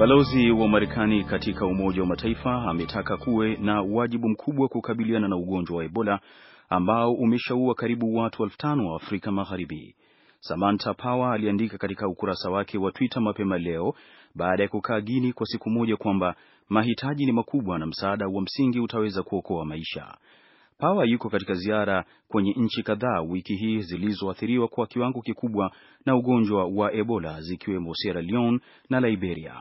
Balozi wa Marekani katika Umoja wa Mataifa ametaka kuwe na wajibu mkubwa kukabiliana na ugonjwa wa Ebola ambao umeshaua karibu watu elfu tano wa Afrika Magharibi. Samantha Power aliandika katika ukurasa wake wa Twitter mapema leo baada ya kukaa Gini kwa siku moja kwamba mahitaji ni makubwa na msaada wa msingi utaweza kuokoa maisha. Power yuko katika ziara kwenye nchi kadhaa wiki hii zilizoathiriwa kwa kiwango kikubwa na ugonjwa wa Ebola zikiwemo Sierra Leone na Liberia.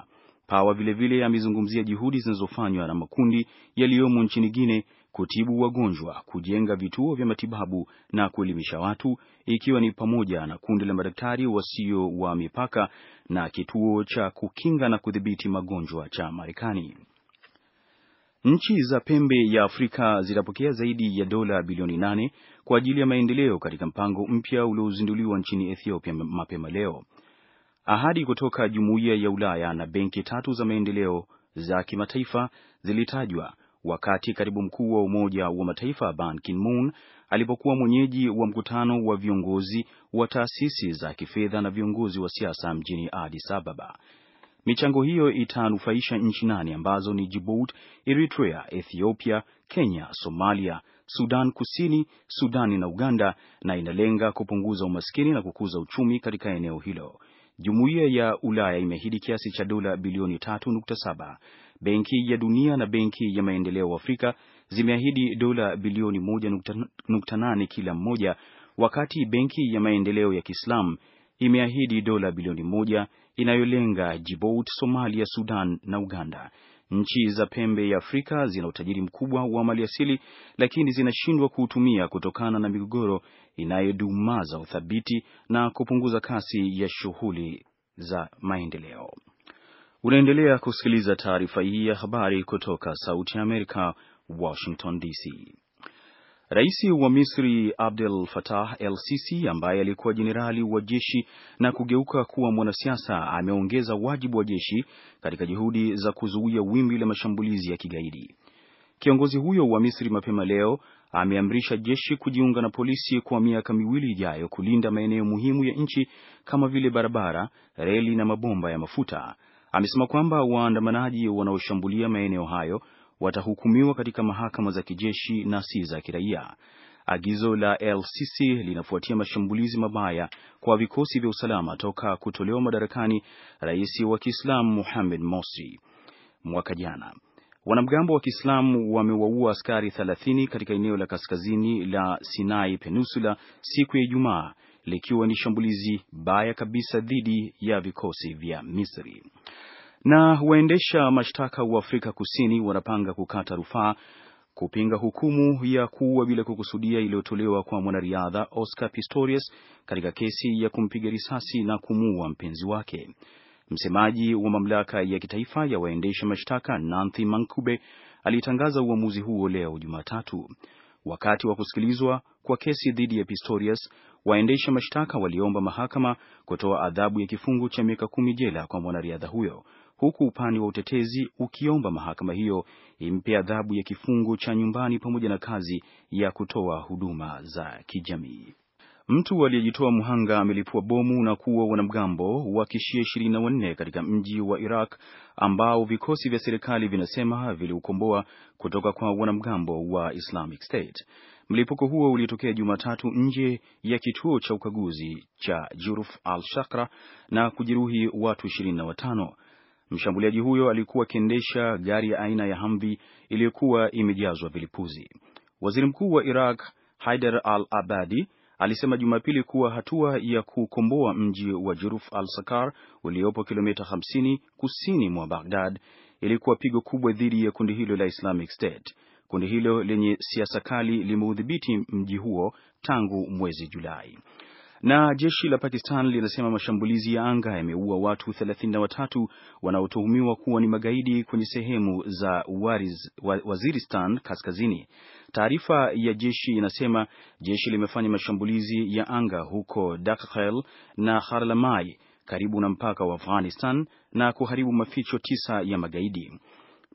Pawa vilevile amezungumzia juhudi zinazofanywa na makundi yaliyomo nchini Guinea kutibu wagonjwa, kujenga vituo vya matibabu na kuelimisha watu, ikiwa ni pamoja na kundi la madaktari wasio wa mipaka na kituo cha kukinga na kudhibiti magonjwa cha Marekani. Nchi za pembe ya Afrika zitapokea zaidi ya dola bilioni nane kwa ajili ya maendeleo katika mpango mpya uliozinduliwa nchini Ethiopia mapema leo. Ahadi kutoka Jumuiya ya Ulaya na benki tatu za maendeleo za kimataifa zilitajwa wakati katibu mkuu wa Umoja wa Mataifa Ban Ki-moon alipokuwa mwenyeji wa mkutano wa viongozi wa taasisi za kifedha na viongozi wa siasa mjini Addis Ababa. Michango hiyo itanufaisha nchi nane ambazo ni Djibouti, Eritrea, Ethiopia, Kenya, Somalia, Sudan Kusini, Sudani na Uganda na inalenga kupunguza umaskini na kukuza uchumi katika eneo hilo. Jumuiya ya Ulaya imeahidi kiasi cha dola bilioni 3.7. Benki ya Dunia na Benki ya Maendeleo Afrika zimeahidi dola bilioni 1.8 kila mmoja, wakati Benki ya Maendeleo ya Kiislamu imeahidi dola bilioni moja inayolenga Djibouti, Somalia, Sudan na Uganda. Nchi za pembe ya Afrika zina utajiri mkubwa wa maliasili, lakini zinashindwa kuutumia kutokana na migogoro inayodumaza uthabiti na kupunguza kasi ya shughuli za maendeleo. Unaendelea kusikiliza taarifa hii ya habari kutoka Sauti ya Amerika, Washington DC. Rais wa Misri Abdel Fattah El Sisi ambaye alikuwa jenerali wa jeshi na kugeuka kuwa mwanasiasa ameongeza wajibu wa jeshi katika juhudi za kuzuia wimbi la mashambulizi ya kigaidi. Kiongozi huyo wa Misri mapema leo ameamrisha jeshi kujiunga na polisi kwa miaka miwili ijayo kulinda maeneo muhimu ya nchi kama vile barabara, reli na mabomba ya mafuta. Amesema kwamba waandamanaji wanaoshambulia maeneo hayo watahukumiwa katika mahakama za kijeshi na si za kiraia. Agizo la LCC linafuatia mashambulizi mabaya kwa vikosi vya usalama toka kutolewa madarakani rais wa Kiislamu Mohamed Morsi mwaka jana. Wanamgambo wa Kiislamu wamewaua askari 30 katika eneo la kaskazini la Sinai Peninsula siku ya Ijumaa likiwa ni shambulizi baya kabisa dhidi ya vikosi vya Misri. Na waendesha mashtaka wa Afrika Kusini wanapanga kukata rufaa kupinga hukumu ya kuua bila kukusudia iliyotolewa kwa mwanariadha Oscar Pistorius katika kesi ya kumpiga risasi na kumuua mpenzi wake. Msemaji wa mamlaka ya kitaifa ya waendesha mashtaka Nanthi Mankube alitangaza uamuzi huo leo Jumatatu. Wakati wa kusikilizwa kwa kesi dhidi ya Pistorius, waendesha mashtaka waliomba mahakama kutoa adhabu ya kifungo cha miaka kumi jela kwa mwanariadha huyo, huku upande wa utetezi ukiomba mahakama hiyo impe adhabu ya kifungo cha nyumbani pamoja na kazi ya kutoa huduma za kijamii. Mtu aliyejitoa mhanga amelipua bomu na kuwa wanamgambo wa kishia ishirini na wanne katika mji wa Iraq ambao vikosi vya serikali vinasema viliukomboa kutoka kwa wanamgambo wa Islamic State. Mlipuko huo ulitokea Jumatatu nje ya kituo cha ukaguzi cha Juruf al-Shakra na kujeruhi watu ishirini na watano. Mshambuliaji huyo alikuwa akiendesha gari ya aina ya hamvi iliyokuwa imejazwa vilipuzi. Waziri Mkuu wa Iraq Haidar al-Abadi alisema Jumapili kuwa hatua ya kukomboa mji wa Juruf al-Sakar uliopo kilomita 50 kusini mwa Baghdad ilikuwa pigo kubwa dhidi ya kundi hilo la Islamic State. Kundi hilo lenye siasa kali limeudhibiti mji huo tangu mwezi Julai. Na jeshi la Pakistan linasema mashambulizi ya anga yameua watu 33 wanaotuhumiwa kuwa ni magaidi kwenye sehemu za Wariz, Waziristan kaskazini. Taarifa ya jeshi inasema jeshi limefanya mashambulizi ya anga huko Dakhel na Harlamai karibu na mpaka wa Afghanistan na kuharibu maficho tisa ya magaidi.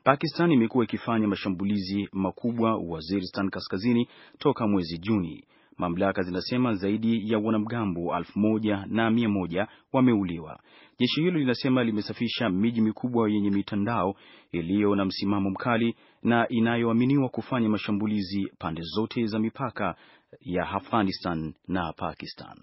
Pakistan imekuwa ikifanya mashambulizi makubwa Waziristan kaskazini toka mwezi Juni. Mamlaka zinasema zaidi ya wanamgambo elfu moja na mia moja wameuliwa. Jeshi hilo linasema limesafisha miji mikubwa yenye mitandao iliyo na msimamo mkali na inayoaminiwa kufanya mashambulizi pande zote za mipaka ya Afghanistan na Pakistan.